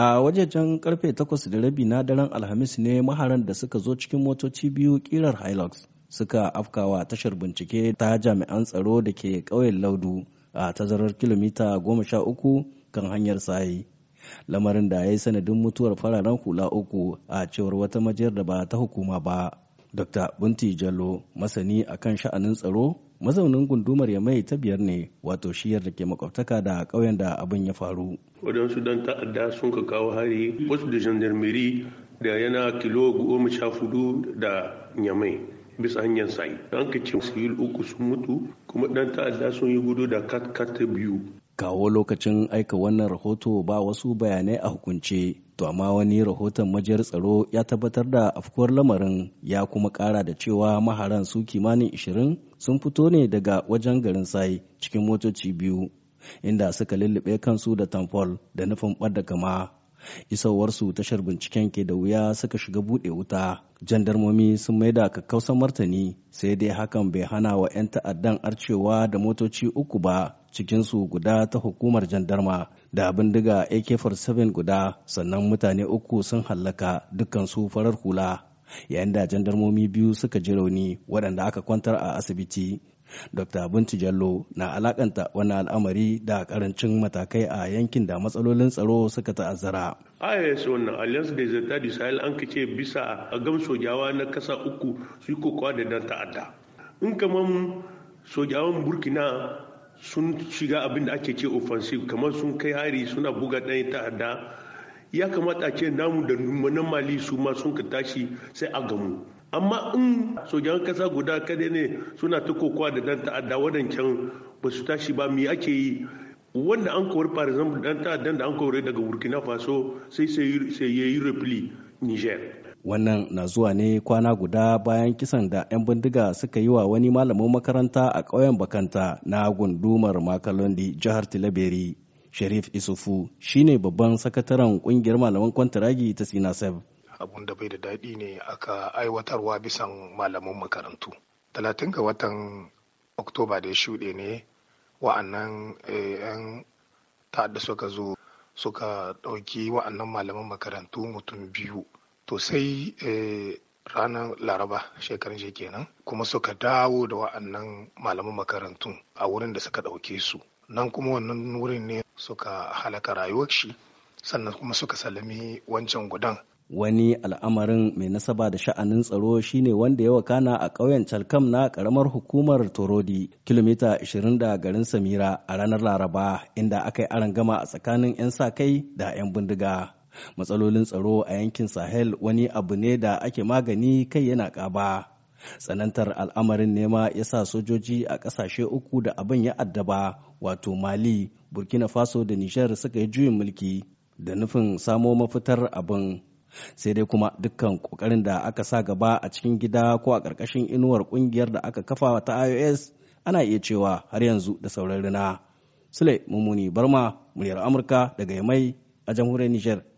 a wajejen karfe takwas da rabi na daren alhamis ne maharan da suka zo cikin motoci biyu kirar hilux suka afkawa tashar bincike ta jami'an tsaro da ke ƙauyen laudu a tazarar kilomita goma sha uku kan hanyar sayi lamarin da ya yi sanadin mutuwar fararen hula uku a cewar wata majiyar da ba ta hukuma ba dr bunti jallo masani akan sha'anin tsaro mazaunin gundumar ya mai ta biyar ne wato shiyar da ke makwabtaka da ƙauyen da abin ya faru waɗansu dan ta'adda sun ka kawo hari wasu da gendarmerie da yana kilo goma sha fudu da nyamai bisa hanyar sai an ka ce uku sun mutu kuma dan ta'adda sun yi gudu da kat kat biyu kawo lokacin aika wannan rahoto ba wasu bayanai a hukunce to amma wani rahoton majiyar tsaro ya tabbatar da afkuwar lamarin ya kuma kara da cewa maharan su kimanin ishirin sun fito ne daga wajen garin sai cikin motoci biyu inda suka lullube kansu da tamfol da nufin ɓadda gama isowarsu tashar binciken ke da wuya suka shiga buɗe wuta jandarmomi sun maida kakkausan martani sai dai hakan bai hana wa 'yan ta'addan arcewa da motoci uku ba cikinsu guda ta hukumar jandarma da bindiga AK-47 guda sannan mutane uku sun hallaka dukansu farar hula yayin da jandarmomi biyu suka ji rauni waɗanda aka kwantar a asibiti. Dr. Binci Jallo na alakanta wani al'amari da karancin matakai a yankin da matsalolin tsaro suka ta'azzara. IAS wannan Alliance des Etats du Sahel an kace bisa a gam sojawa na kasa uku su yi kokowa da dan ta'adda. In kamar sojawan Burkina sun shiga abin da ake ce offensive kamar sun kai hari suna buga ɗaya ta hada ya kamata ce namu da na mali su ma sun ka tashi sai a gamu amma in sojan kasa guda kada ne suna ta kokowa da dan ta'adda wadancan ba su tashi ba me ake yi wanda an kori for example dan ta'addan da an kori daga burkina faso sai sai yayi repli niger Wannan na zuwa ne kwana guda bayan kisan da 'yan bindiga suka yi wa wani malamin makaranta a ƙauyen Bakanta na gundumar Makalondi jihar Tilaberi. Sharif Isufu shine babban sakataren kungiyar malaman kwantaragi ta Sinasef. Abun da bai da daɗi ne aka aiwatarwa bisan malamin makarantu. Talatin ga watan Oktoba da ya shuɗe ne wa'annan eh, 'yan ta'adda suka zo suka ɗauki wa'annan malaman makarantu mutum biyu to sai eh, ranar laraba shekarun shi kenan kuma suka dawo da wa'annan malaman makarantun a wurin da suka ɗauke su nan kuma wannan wurin ne suka halaka rayuwar shi sannan kuma suka salami wancan gudan wani al'amarin mai nasaba da sha'anin tsaro shine wanda ya wakana a ƙauyen calkam na ƙaramar hukumar torodi kilomita 20 da garin samira a ranar laraba inda aka yi gama a tsakanin 'yan sa kai da 'yan bindiga matsalolin tsaro a yankin sahel wani abu ne da ake magani kai yana ƙaba tsanantar al'amarin nema ya sa sojoji a ƙasashe uku da abin ya addaba wato mali burkina faso da nijar suka yi juyin mulki da nufin samo mafitar abin sai dai kuma dukkan kokarin da aka sa gaba a cikin gida ko a ƙarƙashin inuwar ƙungiyar da aka kafa ta ios ana iya cewa har yanzu da sauran rina sule mummuni barma muryar amurka daga yamai a jamhuriyar niger